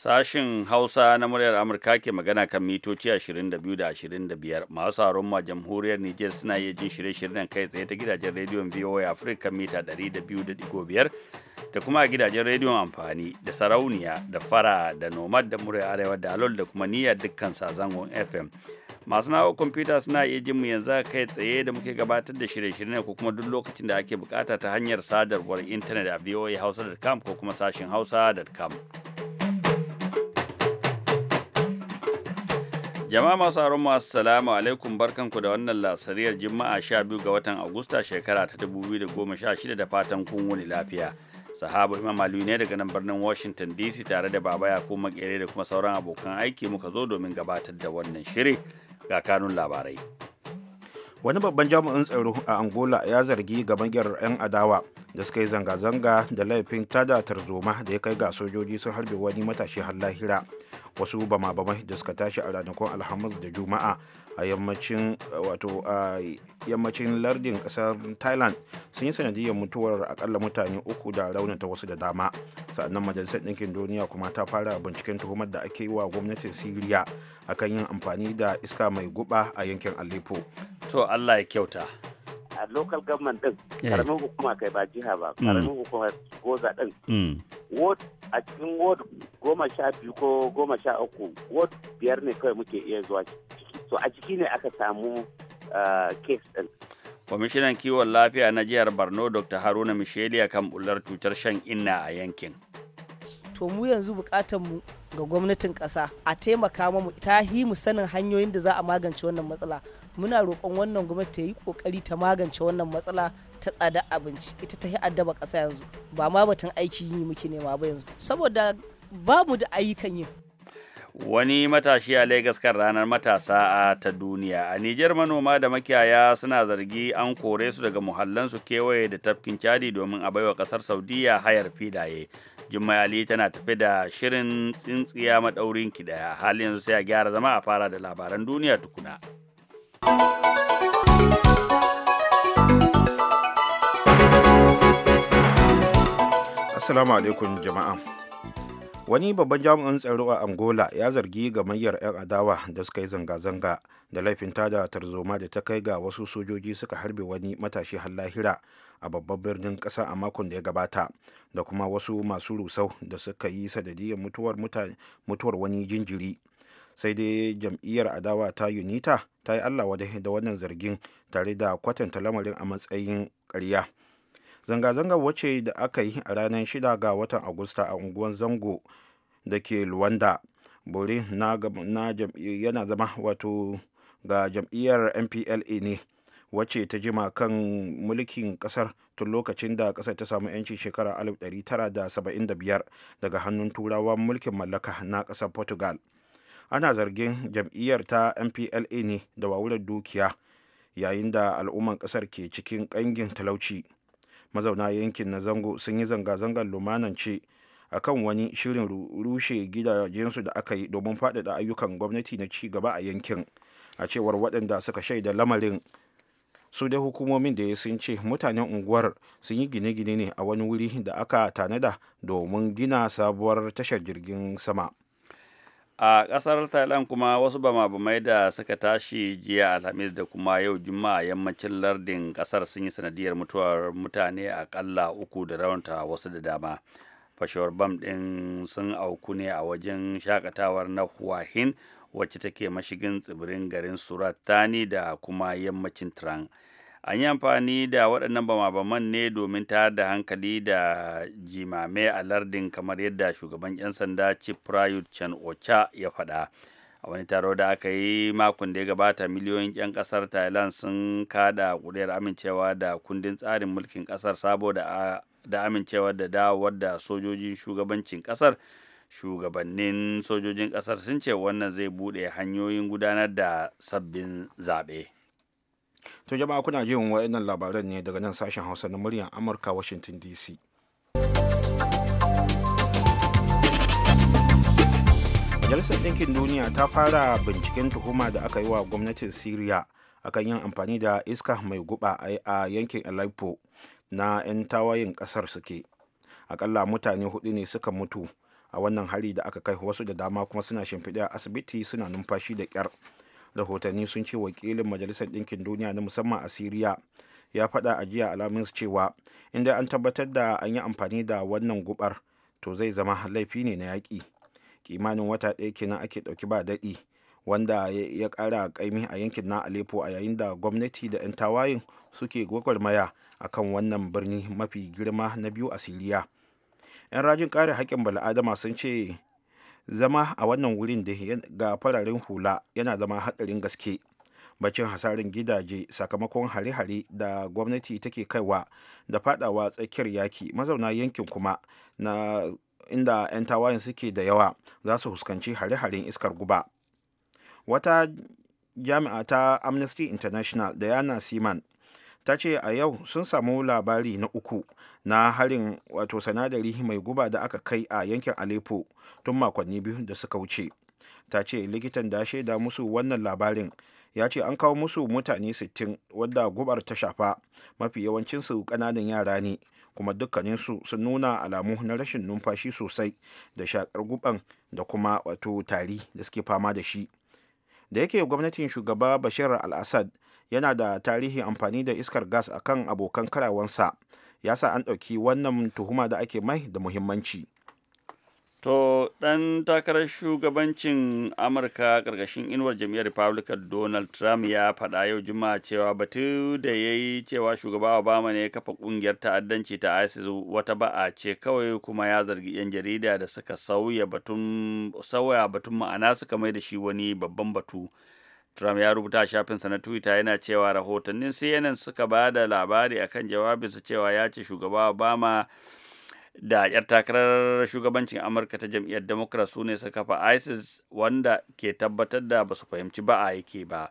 Sashin Hausa na muryar Amurka ke magana kan mitoci 22 da 25 masu haron ma jamhuriyar Nijar suna iya jin shirye-shiryen kai tsaye ta gidajen rediyon VOA Africa mita 200.5 da kuma gidajen rediyon amfani da sarauniya da fara da nomad da muryar arewa da alol da kuma niyyar dukkan sazangon FM. Masu nawa kwamfuta suna iya jin mu yanzu kai tsaye da muke gabatar da shirye-shiryen ko kuma duk lokacin da ake bukata ta hanyar sadarwar intanet a voahausa.com ko kuma sashin hausa.com. Jama'a masu aron mu assalamu alaikum barkanku da wannan lasariyar Juma'a 12 ga watan Agusta shekara ta 2016 da fatan kun wuni lafiya. Sahaba Imam Aliyu ne daga nan birnin Washington DC tare da Baba Yakubu Makere da kuma sauran abokan aiki muka zo domin gabatar da wannan shiri ga kanun labarai. Wani babban jami'in tsaro a Angola ya zargi gaban 'yan adawa da suka yi zanga-zanga da laifin tada tarzoma da ya kai ga sojoji sun harbe wani matashi har lahira wasu bama bama da suka tashi a ranakun alhamis da juma'a a yammacin wato a lardin kasar thailand sun yi sanadiyar mutuwar akalla mutane uku da raunata wasu da dama sa'annan majalisar ɗinkin duniya kuma ta fara binciken tuhumar da ake yi wa gwamnatin siriya akan yin amfani da iska mai guba a yankin aleppo to allah ya kyauta a local government din eh. karamin hukuma kai ba jiha ba mm. karamin hukumar goza din mm. ward a cikin ward goma sha biyu ko goma sha uku ward biyar ne kawai muke iya zuwa to a ciki ne aka samu ah, case din kwamishinan kiwon lafiya na jihar borno dr haruna misheli kan bular cutar shan inna a yankin to mu yanzu mu ga gwamnatin kasa a taimaka mu ta mu sanin hanyoyin da za a magance wannan matsala muna roƙon wannan gwamnati ta yi kokari ta magance wannan matsala ta tsadar abinci ita ta yi addaba kasa yanzu ba ma batun aiki yi muke nema ba yanzu saboda ba mu da ayyukan yin wani matashi a lagos kan ranar matasa ta duniya a Nijar manoma da makiyaya suna zargi an kore su daga muhallansu kewaye da tafkin cadi domin a baiwa kasar Saudiya hayar filaye Jummai Ali tana tafi da shirin tsintsiya maɗaurin ki daya halin yanzu sai a gyara zama a fara da labaran duniya tukuna Assalamu alaikum jama'a. Wani babban jami'in tsaro a Angola ya zargi ga gamayyar 'yan adawa da suka yi zanga-zanga da laifin tada tarzoma da ta kai ga wasu sojoji suka harbe wani matashi lahira a babban birnin ƙasa a makon da ya gabata da kuma wasu masu rusau da suka yi sadadiyar mutuwar wani jinjiri. sai dai jam'iyyar adawa ta unita ta yi allah wadai da wannan zargin tare da kwatanta lamarin a matsayin karya zanga zanga wacce da aka yi a ranar 6 ga watan agusta a unguwar zango da ke luwanda bore yana zama wato ga jam'iyyar mpla ne wacce ta jima kan mulkin kasar tun lokacin da kasar ta samu 'yanci shekara 1975 daga hannun turawan mulkin mallaka na kasar portugal ana zargin jam'iyyar ta mpla ne da wawurar dukiya yayin da al'umman kasar ke cikin ƙangin talauci mazauna yankin na zango sun yi zanga-zangar lumanance a kan wani shirin rushe gidajensu da aka yi domin faɗaɗa ayyukan gwamnati na ci gaba a yankin a cewar waɗanda suka shaida lamarin su dai hukumomin da ya sun ce mutanen unguwar sun yi gine-gine ne a wani wuri da aka tanada domin gina sabuwar tashar jirgin sama. a kasar thailand kuma wasu bama-bamai da suka tashi jiya alhamis da kuma yau juma'a yammacin lardin kasar sun yi sanadiyar mutuwar mutane akalla uku da raunta wasu da dama fashewar bam ɗin sun auku ne a wajen shakatawar na huahin wacce take mashigin tsibirin garin surat thani da kuma yammacin trang an yi amfani da waɗannan bama-baman ne domin ta da hankali da jimame a lardin kamar yadda shugaban 'yan sanda chief prayut chan ocha ya faɗa a wani taro da aka yi makon da ya gabata miliyoyin 'yan kasar thailand sun kada ƙuri'ar amincewa da kundin tsarin mulkin ƙasar sabo da amincewa da dawowar da sojojin shugabancin ƙasar shugabannin sojojin ƙasar sun ce wannan zai buɗe hanyoyin gudanar da sabbin zaɓe. to jama'a kuna jin wa'annan labaran ne daga nan sashen hausa na muryar amurka washington dc majalisar ɗinkin duniya ta fara binciken tuhuma da aka yi wa gwamnatin syria akan yin amfani da iska mai guba a yankin aleppo na 'yan tawayin ƙasar suke akalla mutane hudu ne suka mutu a wannan hari da aka kai wasu da dama kuma suna shimfiɗa asibiti suna numfashi da kyar. rahotanni sun ce wakilin majalisar ɗinkin duniya na musamman a siriya ya faɗa a jiya alhamis cewa inda an tabbatar da an yi amfani da wannan gubar to zai zama laifi ne na yaƙi kimanin wata ɗaya kenan ake ɗauki ba daɗi wanda ya ƙara ƙaimi a yankin na alepo a yayin da gwamnati da 'yan tawayin suke gwagwarmaya a kan wannan birni mafi girma na biyu a Siriya. 'Yan rajin kare haƙƙin bala'adama sun ce zama a wannan wurin da ga fararen hula yana zama hatsarin gaske bacin hasarin gidaje sakamakon hare-hare da gwamnati take kaiwa da fadawa tsakiyar yaki mazauna yankin kuma na inda 'yan tawayen suke da yawa za su fuskanci hare-haren iskar guba wata jami'a ta amnesty international da yana ta ce a yau sun samu labari na uku na harin wato sanadari mai guba da aka kai a yankin aleppo tun makonni biyu da suka wuce ta ce likitan da shaida musu wannan labarin ya ce an kawo musu mutane sittin wadda gubar ta shafa mafi yawancinsu kananan yara ne kuma dukkaninsu sun nuna alamu na rashin numfashi sosai da shakar guban da kuma wato tari da suke fama da shi da yake gwamnatin shugaba bashir al-assad yana da tarihi amfani da iskar gas akan abokan karawansa ya sa an ɗauki wannan tuhuma da ake mai da muhimmanci to ɗan takarar shugabancin amurka ƙarƙashin inuwar jam'iyyar republican donald trump ya faɗa yau juma'a cewa batu da ya yi cewa shugaba obama ne ya kafa ƙungiyar ta'addanci ta isis wata ba'a ce kawai kuma ya zargi 'yan jarida da suka sauya batun ma'ana suka mai da shi wani babban batu Trump ya rubuta shafinsa na Twitter yana cewa rahotannin CNN suka ba da labari akan jawabinsa cewa ya ce shugaba Obama da 'yar takarar shugabancin Amurka ta jam'iyyar Democrat su ne suka kafa ISIS wanda ke tabbatar da basu fahimci ba a yake ba.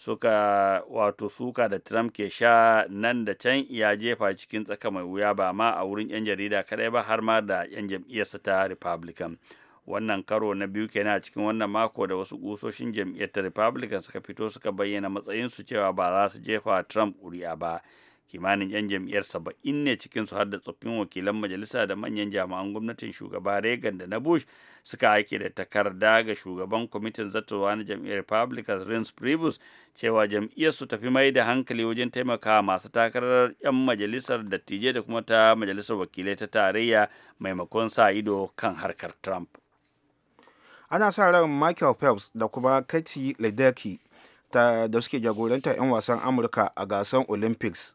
Suka wato suka da Trump ke sha nan da can ya jefa cikin tsaka mai wuya ba ma a wurin 'yan jarida kadai ba har ma da 'yan jam'iyyarsa ta Republican. wannan karo na biyu kenan a cikin wannan mako da wasu kusoshin jam'iyyar ta republican suka fito suka bayyana matsayin su cewa ba za su jefa trump ƙuri'a ba kimanin 'yan jam'iyyar saba'in ne cikinsu har da tsoffin wakilan majalisa da manyan jami'an gwamnatin shugaba reagan da na bush suka aike da takarda ga shugaban kwamitin zattowa na jam'iyyar republicans rins priebus cewa jam'iyyar su tafi mai da hankali wajen taimakawa masu takarar 'yan majalisar dattijai da kuma ta majalisar wakilai ta tarayya maimakon sa ido kan harkar trump ana sa ran michael phelps da kuma katie ledecky da suke jagorantar 'yan wasan amurka a gasar olympics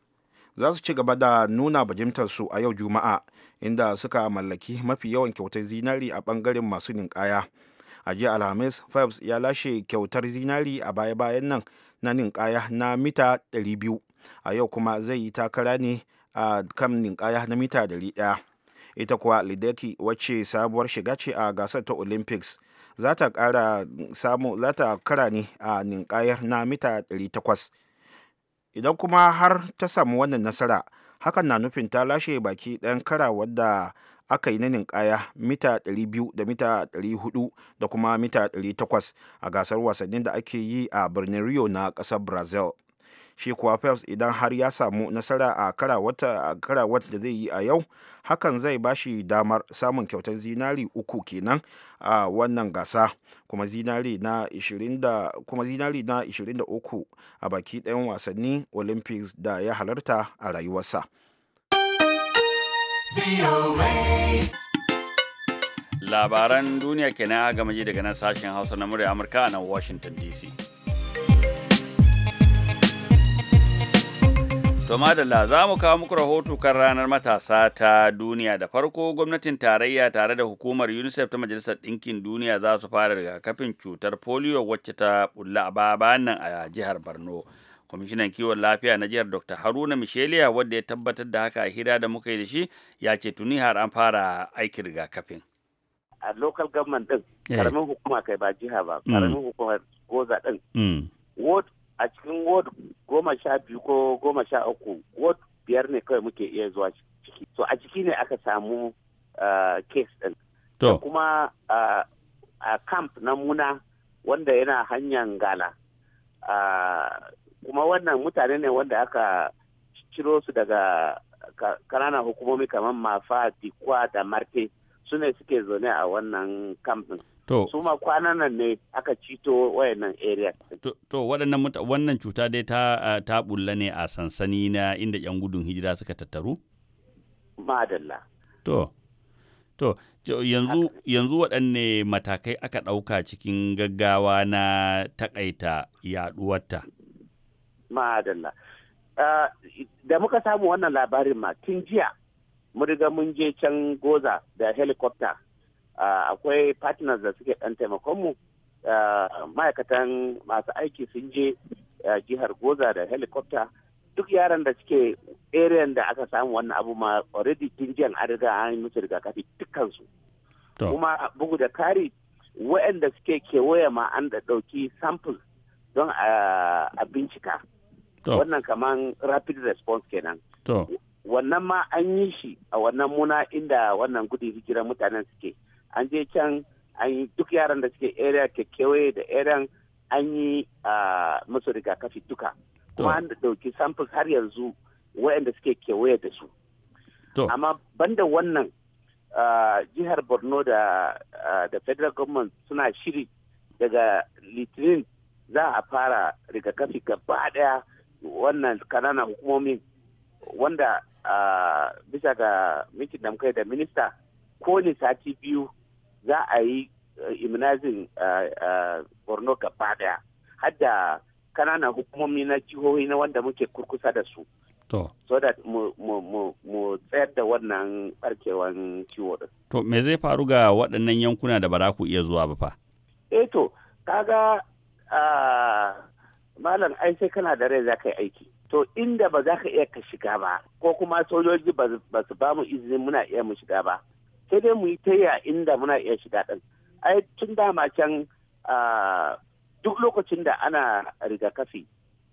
za su ci gaba da nuna su a yau juma'a inda suka mallaki mafi yawan kyautar zinari a bangaren masu ninkaya a jiya alhamis phelps ya lashe kyautar zinari a baya-bayan nan na ninkaya na mita 200 a yau kuma zai yi takara ne a kan ninkaya na mita 100 ita kuwa lideki wacce sabuwar shiga ce a gasar ta olympics za ta kara samu za ta kara ne a ninkayar na mita 800 idan kuma har ta samu wannan nasara hakan na nufin ta lashe baki ɗan kara wadda aka yi na ninkaya mita 200 da mita 400 da kuma mita 800 a gasar wasannin da ake yi a birnin rio na ƙasar brazil shi kuwa phelps idan har ya samu nasara a karawar da zai yi a yau hakan zai ba shi damar samun kyautar zinari uku kenan a wannan gasa kuma zinari na 23 a baki ɗayan wasanni olympics da ya halarta a rayuwarsa labaran duniya kenan gama ji daga nan sashen hausa na murya amurka na nan washington dc To madalla za mu kawo muku rahoto kan ranar matasa ta duniya da farko gwamnatin tarayya tare da hukumar UNICEF ta Majalisar Ɗinkin Duniya za su fara rigakafin cutar polio wacce ta bulla a nan a jihar Borno. Kwamishinan kiwon lafiya na jihar Dr. Haruna Michelia wadda ya tabbatar da haka a hira da muka yi da shi ya ce tuni har an fara aikin rigakafin. A local government din, karamin eh. hukuma kai ba jiha ba, karamin mm. hukumar goza din. Mm. Ward a cikin ward goma sha biyu ko goma sha uku ward biyar ne kawai muke iya zuwa ciki so a ciki ne aka samu kes ah, ɗin To. kuma ah, a camp na muna wanda yana hanyar gala ah, kuma wannan mutane ne wanda aka ciro su daga kananan hukumomi kamar mafa dikwa da marte su ne suke zaune a wannan camp ɗin To. Su ma kwanan nan ne aka cito wayannan area. To, waɗannan wannan cuta dai ta ta bulla ne a sansani na inda 'yan gudun hijira suka tattaru? Madalla. To. To, yanzu yanzu waɗanne matakai aka ɗauka cikin gaggawa na takaita yaɗuwarta? Madalla. da muka samu wannan labarin ma tun jiya mun riga mun je can goza da helicopter Ah, akwai partners da suke ɗan mu. Ah, ma'aikatan masu aiki sun je ah, jihar goza da helicopter duk yaran da suke area da aka samu wannan abu ma already tun an riga an yi musu rigakafi dukkansu kuma bugu da kari da suke kewaye ma an da ɗauki sample don a bincika wannan kaman rapid response kenan wannan ma an yi shi a wannan muna inda wannan gudun hijirar mutanen suke an je can an yi duk yaran da suke area ke kewaye da area an yi musu rigakafi duka kuma an dauki samples har yanzu wayanda suke kewaye da su amma banda wannan jihar borno da da federal government suna shiri daga litinin za a fara rigakafi gaba daya wannan kananan hukumomin wanda bisa ga mikin da da minista ko ne sati biyu za a yi eh, immunizing eh, eh, borno gaba daya har da kananan hukumomi na jihohi na wanda muke kurkusa da su To. So that mu tsayar da wannan barkewan ciwo din. To, me zai faru ga waɗannan yankuna da ba za iya zuwa ba fa? Eh to, kaga ah, malam ai sai kana da rai za ka yi aiki. To, inda ba za ka iya ka shiga ba, ko kuma sojoji ba su ba mu izini muna iya mu shiga ba. sai dai mu yi taya inda muna iya shiga ɗin ai tun dama can duk lokacin da ana rigakafi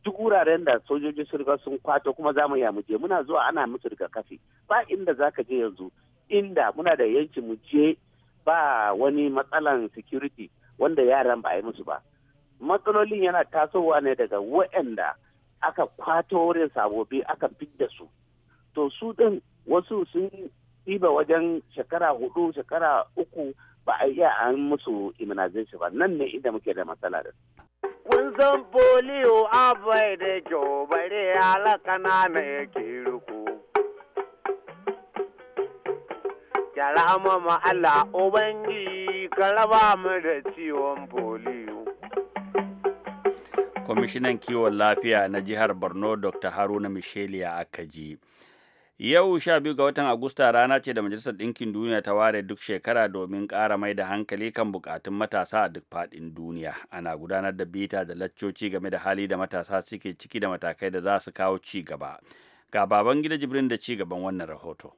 duk wuraren da sojoji sun riga sun kwato kuma za mu mu je muna zuwa ana musu rigakafi ba inda za ka je yanzu inda muna da yanci mu je ba wani matsalan security wanda yaran ba a yi musu ba matsalolin yana tasowa ne daga waɗanda aka kwato wurin sabobi aka fidda su to su ɗin wasu sun ɗiba wajen shekara hudu shekara uku ba a iya an musu immunization ba nan ne inda muke da matsala da kun san polio abai da kyau bare alaka na na yake ruku yara mama Allah ubangi ka mu da ciwon polio kwamishinan kiwon lafiya na jihar borno dr haruna michelia akaji Yau 12 ga watan Agusta rana ce da Majalisar Ɗinkin Duniya ta ware duk shekara domin ƙara mai da hankali kan bukatun matasa a duk faɗin duniya. Ana gudanar da bita da laccoci game da hali da matasa suke ciki da matakai da za su kawo ci gaba. Ga baban gida Jibrin da ci gaban wannan rahoto.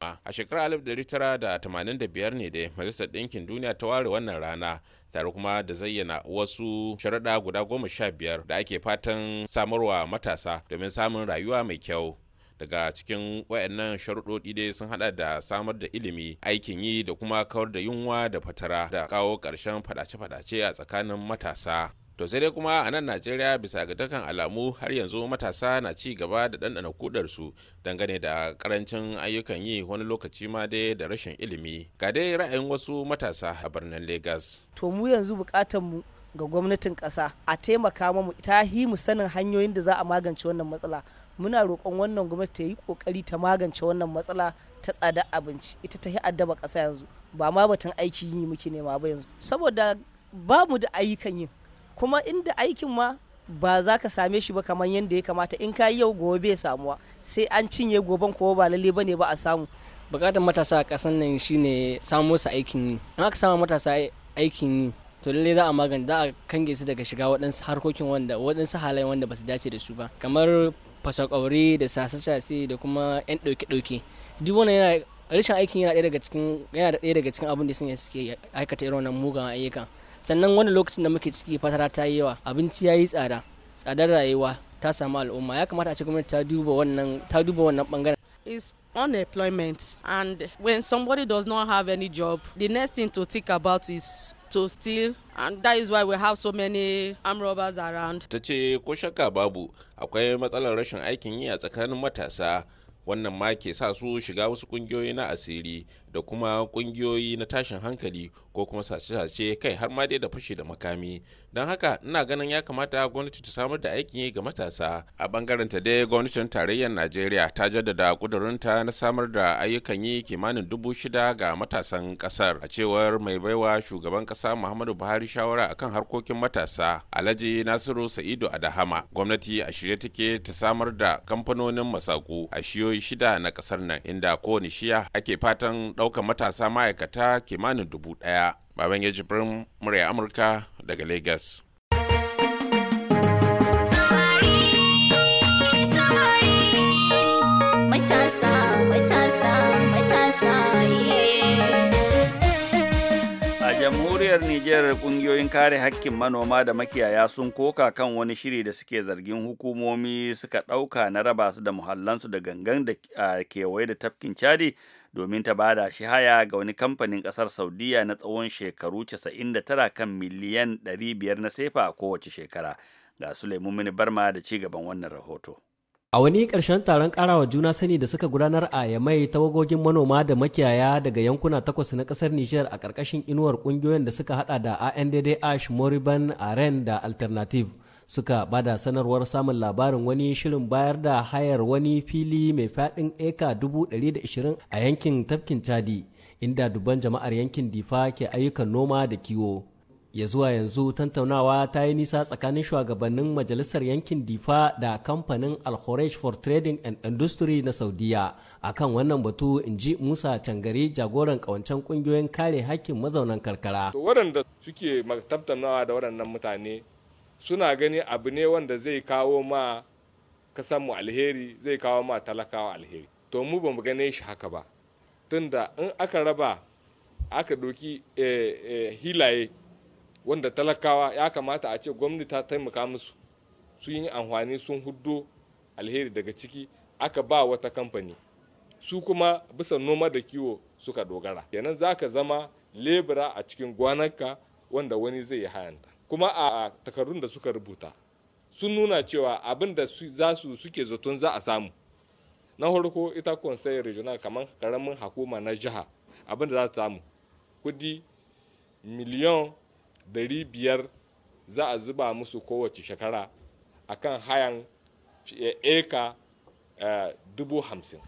A shekarar 1985 ne da Majalisar Ɗinkin Duniya ta ware wannan rana tare kuma da zayyana wasu sharaɗa guda goma sha biyar da ake fatan samarwa matasa domin samun rayuwa mai kyau. daga cikin wayannan sharuɗoɗi dai sun haɗa da samar da ilimi aikin yi da kuma kawar da yunwa da fatara da kawo ƙarshen faɗace-faɗace a tsakanin matasa to sai dai kuma a nan najeriya bisa ga dukkan alamu har yanzu matasa na ci gaba da ɗanɗana kudar su dangane da karancin ayyukan yi wani lokaci ma dai da rashin ilimi ga dai ra'ayin wasu matasa a birnin lagos to mu yanzu bukatar mu ga gwamnatin ƙasa a taimaka mu ta hi mu sanin hanyoyin da za a magance wannan matsala muna roƙon wannan gwamnati ta yi ƙoƙari ta magance wannan matsala ta tsada abinci ita ta yi addaba ƙasa yanzu ba ma batun aiki yi muke nema ba yanzu saboda ba mu da ayyukan yin kuma inda aikin ma ba za ka same shi ba kamar yadda ya kamata in ka yi yau gobe bai samuwa sai an cinye goben kowa ba lalle ba ne ba a samu bukatar matasa a ƙasar nan shine samo su aikin yi in aka samu matasa aikin yi to lallai za a magana za a kange su daga shiga waɗansu harkokin wanda waɗansu halayen wanda ba su dace da su ba kamar fasakauri da sase da kuma 'yan ɗauke-ɗauke duk wannan yana rashin aikin yana ɗaya daga cikin yana ɗaya daga cikin abin da sun suke aikata irin wannan mugan ayyuka sannan wani lokacin da muke ciki fatara ta yi yawa abinci ya yi tsada tsadar rayuwa ta samu al'umma ya kamata a ci gwamnati ta duba wannan ta duba wannan bangaren is unemployment and when somebody does not have any job the next thing to think about is to steal and that is why we have so many armed robbers around. Ta ce ko shakka babu akwai matsalar rashin aikin yi a tsakanin matasa wannan ma ke sa su shiga wasu kungiyoyi na asiri da kuma kungiyoyi na tashin hankali ko kuma sace-sace kai har ma dai da fashe da makami don haka ina ganin ya kamata gwamnati ta samar da aikin yi ga matasa a bangaren ta dai gwamnatin tarayyar najeriya ta jaddada kudurinta na samar da ayyukan yi kimanin dubu shida ga matasan kasar a cewar mai baiwa shugaban kasa muhammadu buhari shawara akan harkokin matasa alhaji nasiru sa'idu adahama gwamnati a shirye take ta samar da kamfanonin masaku a shiyoyi shida na kasar nan inda kowane shiya ake fatan ɗaukar matasa ma'aikata kimanin dubu ɗaya. Baban ya jibrin murya Amurka daga Lagos. A jamhuriyar Nijar kungiyoyin kare hakkin manoma da makiyaya sun koka kan wani shiri da suke zargin hukumomi suka ɗauka na raba su da muhallansu da gangan da kewaye da tafkin Chadi domin ta bada shi haya ga wani kamfanin kasar saudiya na tsawon shekaru 99 kan miliyan 500 na sefa kowace shekara ga sulaimu mini barma da ci gaban wannan rahoto A wani ƙarshen taron karawa juna sani da suka gudanar a Yamai tawagogin manoma da makiyaya daga yankuna takwas na ƙasar Nijar a ƙarƙashin inuwar ƙungiyoyin da suka hada da ANDD Ash Moriban Aren da Alternative suka bada sanarwar samun labarin wani shirin bayar da hayar wani fili mai faɗin eka 120 a yankin tafkin chadi inda dubban jama'ar yankin difa ke ayyukan noma da kiwo ya zuwa yanzu tantaunawa ta yi nisa tsakanin shugabannin majalisar yankin difa da kamfanin alhorej for trading and industry na saudiya akan wannan batu in ji musa cangari jagoran kawancen kungiyoyin kare hakkin mazaunan karkara waɗanda suke tattaunawa da waɗannan mutane suna gani abu ne wanda zai kawo ma kasanmu alheri zai kawo ma talakawa alheri to mu ba mu gane shi haka ba tunda in aka raba aka doki eh, eh, hilaye wanda talakawa ya kamata a ce gwamnati ta taimaka musu sun yi amfani sun huddo alheri daga ciki aka ba wata kamfani su kuma bisa noma da kiwo suka dogara kenan za ka zama lebura a cikin gwanarka wanda wani zai yi hayanta kuma a takardun da suka rubuta sun nuna cewa abin da za su suke zaton za a samu na farko ita konsai regional kamar karamin hakuma na jiha abin da za su samu kudi miliyan 500 za a zuba musu kowace shekara akan hayan eh, eka eh, dubu hamsin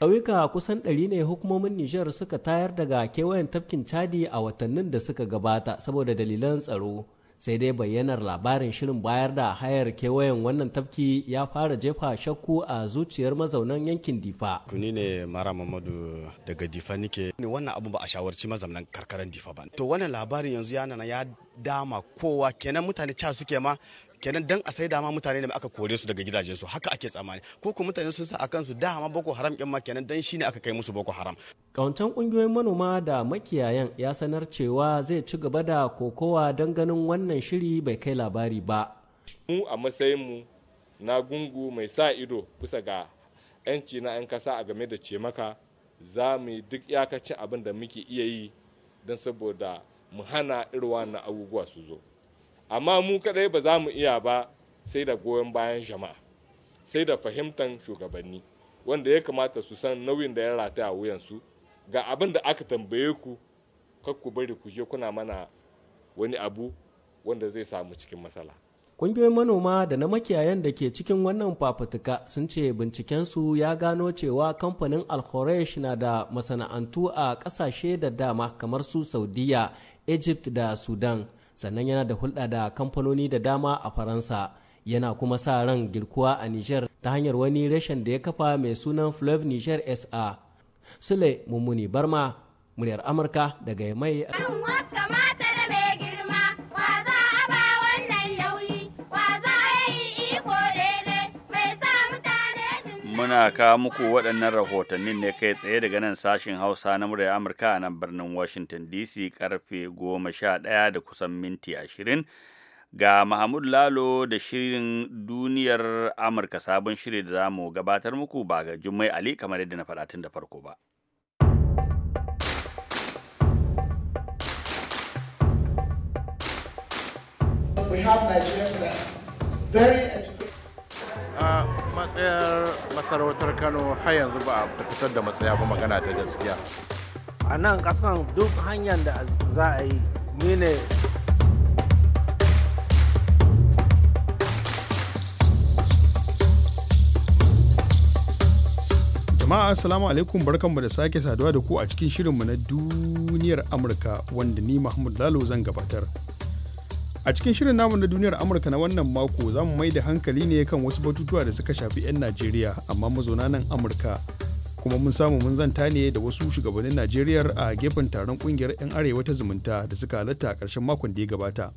ƙauyuka kusan ɗari ne hukumomin Nijar suka tayar daga kewayen tafkin Chadi a watannin da suka gabata saboda dalilan tsaro. Sai dai bayyanar labarin shirin bayar da hayar kewayen wannan tafki ya fara jefa shakku a zuciyar mazaunan yankin Difa. kuni ne Mara Mamadu daga Difa nike. Ni wannan abu ba a shawarci mazaunan karkaran Difa ba. To wannan labarin yanzu ya nana ya dama kowa kenan mutane ca suke ma kenan dan a sai dama mutane ne aka kore su daga gidajen su haka ake tsammani ko kuma mutane sun sa a kansu dama boko haram din ma kenan dan shine aka kai musu boko haram kauntan kungiyoyin manoma da makiyayan ya sanar cewa zai ci gaba da kokowa dan ganin wannan shiri bai kai labari ba mu a matsayin mu na gungu mai sa ido kusa ga 'yanci na 'yan kasa a game da cemaka za mu duk iyakacin abin da muke iya yi don saboda mu hana irwa na abubuwa su zo amma mu kadai ba za mu iya ba sai da goyon bayan jama'a sai da fahimtar shugabanni wanda ya kamata su san nauyin da ya rataya a wuyansu ga abin da aka tambaye ku kar ku bari ku je kuna mana wani abu wanda zai samu cikin matsala ƙungiyoyin manoma da na makiyayan da ke cikin wannan fafutuka sun ce bincikensu ya gano cewa kamfanin alhoresh na da masana'antu a ƙasashe da dama kamar su Saudiya, Egypt da Sudan. sannan yana da hulɗa da kamfanoni da dama a faransa yana kuma sa ran girkuwa a niger ta hanyar wani reshen da ya kafa mai sunan flav niger sa sule mummuni barma muryar amurka daga mai muna kawo muku waɗannan rahotannin ne kai tsaye daga nan sashin Hausa na muryar Amurka a nan birnin Washington DC karfe goma da kusan minti ashirin. Ga Mahmud Lalo da shirin duniyar Amurka sabon shiri da zamu gabatar muku ba ga Jummai Ali kamar yadda na faɗa tun da farko ba. We have Nigeria, very matsayar masarautar kano har yanzu ba a fitar da matsaya ba magana ta gaskiya a nan kasan duk hanyar da za a yi ni ne jama'a assalamu alaikum barkanmu da sake saduwa da ku a cikin shirinmu na duniyar amurka wanda ni mahmud lalo zan gabatar A cikin shirin namu na duniyar Amurka na wannan mako za mu mai da hankali ne kan wasu batutuwa da suka shafi 'yan Najeriya amma mazauna nan Amurka. Kuma mun samu mun zanta ne da wasu shugabannin Najeriya a gefen taron kungiyar 'yan arewa ta zumunta da suka halatta a ƙarshen makon da ya gabata.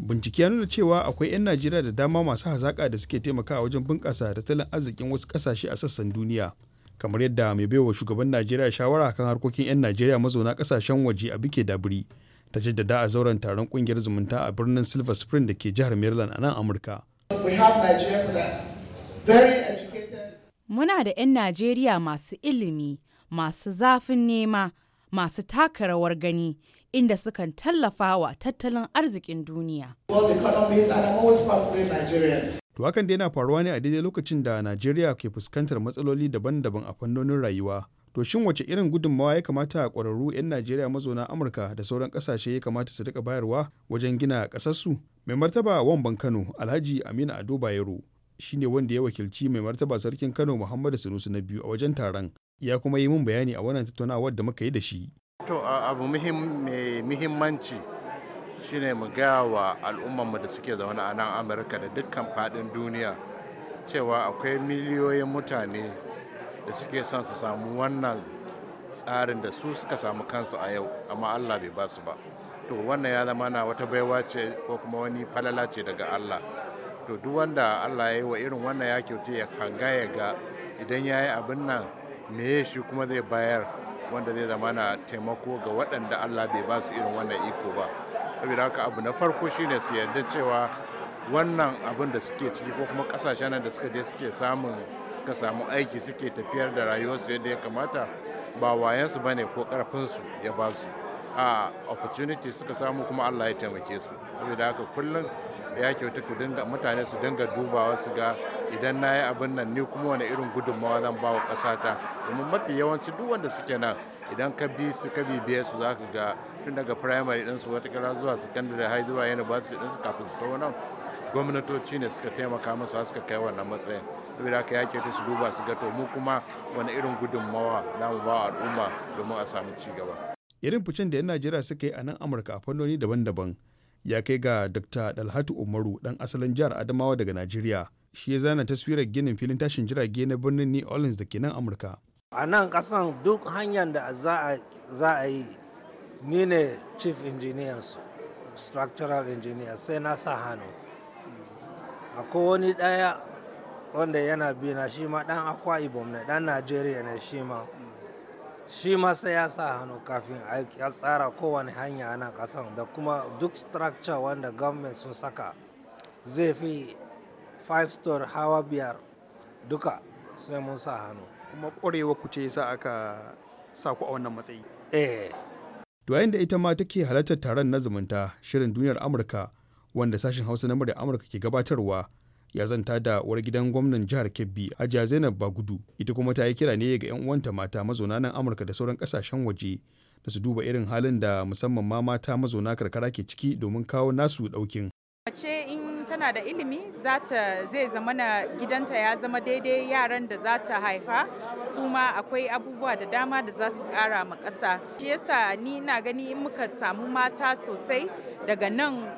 Bincike ya nuna cewa akwai 'yan Najeriya da dama masu hazaƙa da suke taimakawa wajen bunƙasa tattalin arzikin wasu ƙasashe a sassan duniya. Kamar yadda mai baiwa shugaban Najeriya shawara kan harkokin 'yan Najeriya mazauna kasashen waje a bike dabiri. ta jaddada a zauren taron kungiyar zumunta a birnin silver spring da ke jihar maryland a nan amurka muna da 'yan najeriya masu ilimi masu zafin nema masu taka rawar gani inda sukan tallafa wa tattalin arzikin duniya. To hakan dai yana faruwa ne a daidai lokacin da Najeriya ke fuskantar matsaloli daban-daban a fannonin rayuwa. to shin wace irin gudunmawa ya kamata a ƙwararru 'yan najeriya mazauna amurka da sauran ƙasashe ya kamata su rika bayarwa wajen gina ƙasarsu mai martaba wamban kano alhaji aminu ado bayero shine wanda ya wakilci mai martaba sarkin kano muhammadu sanusi na biyu a wajen taron ya kuma yi min bayani a wannan tattaunawar da muka yi da shi to abu mai muhimmanci shine mu gaya wa al'ummarmu da suke zaune a nan amurka da dukkan faɗin duniya cewa akwai miliyoyin mutane da suke son su samu wannan tsarin da su suka samu kansu a yau amma allah bai ba su ba to wannan ya zama na wata baiwa ce ko kuma wani falala ce daga allah to duk wanda allah ya yi wa irin wannan ya kyautu ya hanga ya ga idan ya yi abin nan me ya shi kuma zai bayar wanda zai zama na taimako ga waɗanda allah bai ba su irin wannan iko ba saboda haka abu na farko shine su yarda cewa wannan abin da suke ciki ko kuma kasashen da suka je suke samun suka samu aiki suke tafiyar da rayuwarsu yadda ya kamata ba wayansu ba ne ko karfin su ya ba su a opportunity suka samu kuma allah ya taimake su saboda haka kullum ya kyauta ku dinga mutane su dinga dubawa su ga idan na yi abin nan ni kuma wani irin gudunmawa zan ba wa ta domin mafi yawanci duk wanda suke nan idan ka bi su ka bibiye su za ka ga tun daga primary ɗinsu kira zuwa secondary har zuwa university ɗinsu kafin su ta gwamnatoci ne suka taimaka musu suka kai wannan matsayin saboda ka ya ta su duba su ga to mu kuma wani irin gudunmawa za mu ba al'umma domin a samu ci gaba irin ficen da 'yan najeriya suka yi a nan amurka a fannoni daban-daban ya kai ga dr dalhatu umaru dan asalin jihar adamawa daga najeriya shi ya zana taswirar ginin filin tashin jirage na birnin new orleans da ke nan amurka a nan kasan duk hanyar da za a yi ni ne chief engineer structural engineer sai na sa hannu akwai wani daya wanda yana bi na shi ma dan akwa ibom ne dan najeriya ne shi ma shi ma sai ya sa hannu kafin ya tsara kowane hanya ana kasan da kuma duk structure wanda government sun saka zai fi 5 store hawa biyar duka sai mun sa hannu kuma kwarewa ku ce sa aka sa ku a wannan matsayi eh to yayin da ita ma take halartar taron na zumunta shirin duniyar amurka wanda sashen hausa na murya amurka ke gabatarwa ya zanta da uwar gidan gwamnan jihar Kebbi Hajiya Zainab ba gudu ita kuma ta yi kira ne ga 'yan uwanta mata mazauna nan Amurka da sauran kasashen waje da su duba irin halin da musamman ma mata mazauna karkara ke ciki domin kawo nasu daukin. in tana da ilimi zai zama na gidanta ya zama daidai yaran da za ta haifa su ma akwai abubuwa da dama da za su kara ma ƙasa shi yasa ni na gani in muka samu mata sosai daga nan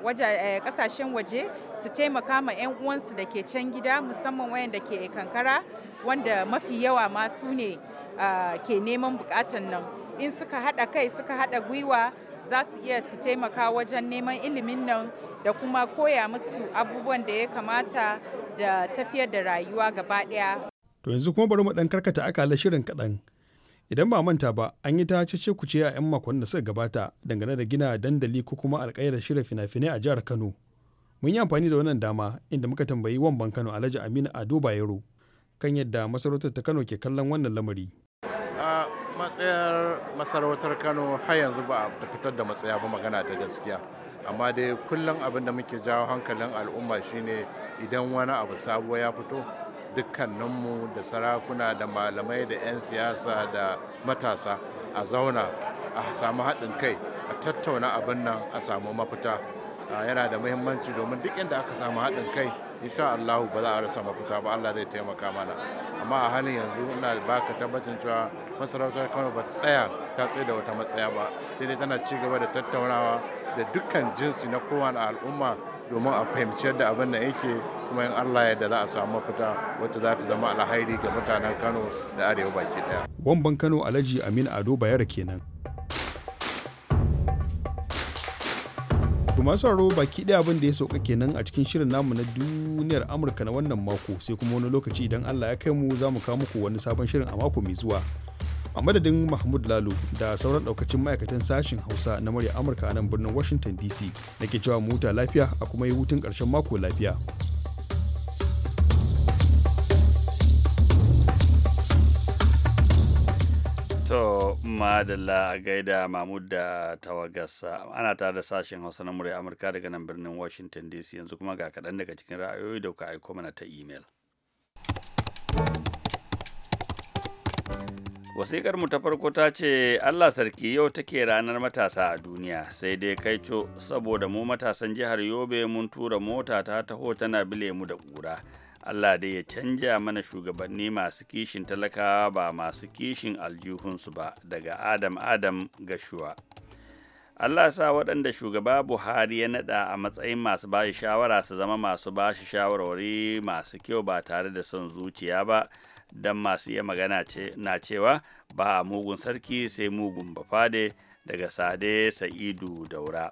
kasashen eh, waje su taimaka ma 'yan uwansu da ke can gida musamman wayanda ke kankara wanda mafi yawa ma su ne ah, ke neman bukatan nan in suka haɗa kai suka haɗa gwiwa za su iya su taimaka wajen neman ilimin nan da kuma koya musu abubuwan da ya kamata da tafiyar da rayuwa gaba ɗaya. To yanzu kuma bari mu ɗan karkata akalar shirin kaɗan. Idan ba manta ba, an yi ta cece kuce a 'yan makon da suka gabata dangane da gina dandali ko kuma alƙairar shirin fina-finai a jihar Kano. Mun yi amfani da wannan dama inda muka tambayi wamban Kano Alhaji Aminu Ado Bayero kan yadda masarautar ta Kano ke kallon wannan lamari. matsayar masarautar kano har yanzu ba a fitar da matsaya ba magana ta gaskiya amma dai kullum abin da muke jawo hankalin al'umma shine idan wani abu sabuwa ya fito dukkaninmu da sarakuna da malamai da 'yan siyasa da matasa a zauna a samu haɗin kai a tattauna abin nan a samu mafita yana da muhimmanci domin duk inda aka samu haɗin kai insha allahu ba za a rasa mafuta ba Allah zai taimaka mana amma a halin yanzu ina baka tabbacin cewa masarautar Kano ba ta tsaya ta tsaye da wata matsaya ba sai dai tana ci gaba da tattaunawa da dukkan jinsi na kowane al'umma domin a fahimci yadda abin da yake kuma in Allah ya da za a samu mafita wacce za ta zama alhairi ga mutanen Kano da arewa baki daya. Wamban Kano Alhaji Amin Ado Bayar kenan. kuma sauraro baki ɗaya abin da ya sauka kenan a cikin shirin namu na duniyar Amurka na wannan mako sai kuma wani lokaci idan Allah ya kai mu za mu kawo muku wani sabon shirin a mako mai zuwa. A madadin Mahmud lalu da sauran daukacin ma'aikatan sashen Hausa na murya Amurka a nan birnin Washington DC nake cewa mu huta lafiya a kuma yi hutun ƙarshen mako lafiya. madalla a gaida mahmud da tawagas ana tare da sashen hausa na murya amurka daga nan birnin washington dc yanzu kuma ga kaɗan daga cikin ra'ayoyi da kuka aiko mana ta imel wasiƙar mu ta farko ta ce allah sarki yau take ranar matasa a duniya sai dai kai co saboda mu matasan jihar yobe mun tura mota ta taho tana bile mu da ƙura Allah dai ya canja mana shugabanni masu kishin talakawa ba masu kishin aljihunsu ba daga Adam Adam gashuwa. Allah sa waɗanda shugaba Buhari ya naɗa a matsayin masu bashi shawara su zama masu bashi shawarwari masu kyau ba tare da son zuciya ba don masu iya magana na cewa ba mugun sarki sai mugun bafade daga Sade Sa'idu Daura.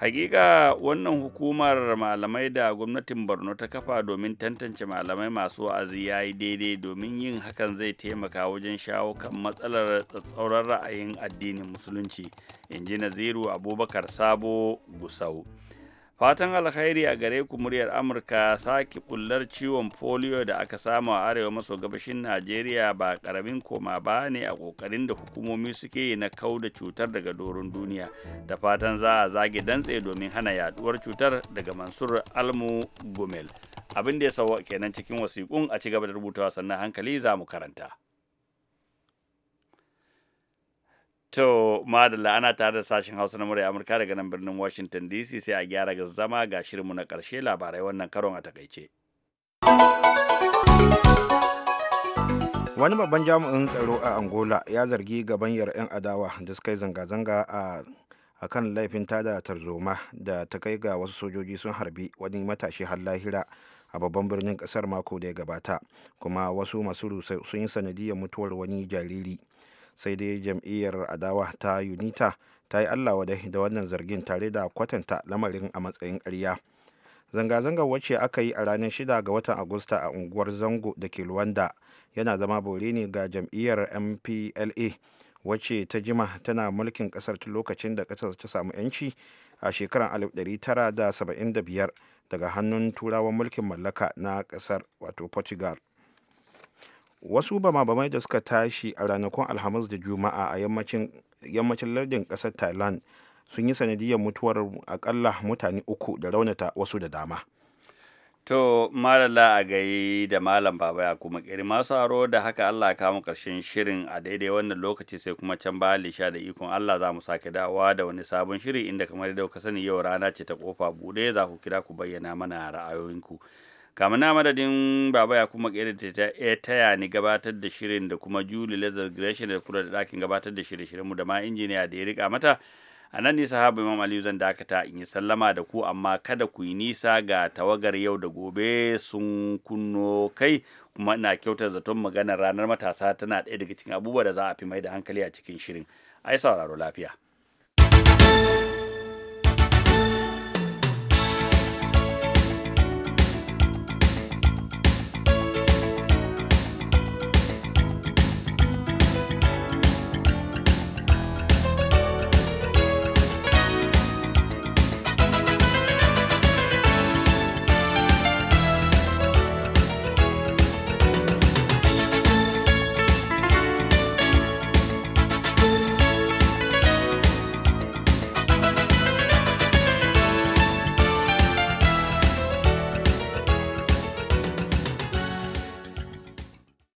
hakika wannan hukumar malamai da gwamnatin borno ta kafa domin tantance malamai masu wa'azi ya yi daidai domin yin hakan zai taimaka wajen shawo kan matsalar tsatsauran ra'ayin addinin musulunci in ji naziru abubakar sabo gusau Fatan alkhairi a gare ku muryar Amurka sake bullar ciwon polio da aka samu a arewa maso gabashin Najeriya ba karamin koma ba ne a kokarin da hukumomi suke yi na kau da cutar daga doron duniya. Da fatan za a zage dantse domin hana yaduwar cutar daga Mansur Almu Gumel. Abin da ya sawa kenan cikin wasiƙun a ci da rubutawa sannan hankali za mu karanta. To, madalla ana tare da sashen Hausa na murya Amurka daga nan birnin Washington DC sai a gyara ga zama ga shirinmu na karshe labarai wannan karon a takaice. Wani babban jami'in tsaro a Angola ya zargi yar 'yan adawa da suka yi zanga-zanga a a kan laifin tada tarzoma da ta kai ga wasu sojoji sun harbi wani matashi har lahira a babban birnin kasar mako da ya gabata kuma wasu masu sun yi sanadiyar mutuwar wani jariri sai dai jam'iyyar adawa ta unita ta yi allah wadai da wannan zargin tare da kwatanta lamarin a matsayin ƙarya zanga-zangar wacce aka yi a ranar 6 ga watan agusta a unguwar zango da ke luwanda yana zama bore ne ga jam'iyyar mpla wacce ta jima tana mulkin kasar tun lokacin da kasar ta samu 'yanci a shekarar 1975 daga hannun turawan mulkin mallaka na kasar wato portugal wasu bama-bamai da suka tashi a ranakun alhamis da juma'a a yammacin lardin kasar thailand sun yi sanadiyar mutuwar akalla mutane uku da raunata wasu da dama To, malala a gayi da malam baba ya kuma kiri masu haro da haka Allah ka mu ƙarshen shirin a daidai wannan lokaci sai kuma can ba lisha da ikon Allah za mu sake dawowa da wani sabon shiri inda kamar da ka sani yau rana ce ta kofa buɗe za ku kira ku bayyana mana ra'ayoyinku. kamar na madadin baba ya kuma kera ta taya ni gabatar da shirin da kuma julie leather gresham da kula da ɗakin gabatar da shirye-shiryenmu da ma injiniya da ya rika mata a nan nisa sahaba imam aliyu zan dakata in yi sallama da ku amma kada ku yi nisa ga tawagar yau da gobe sun kunno kai kuma ina kyautar zaton maganar ranar matasa tana ɗaya daga cikin abubuwa da za a fi mai da hankali a cikin shirin ai sauraro lafiya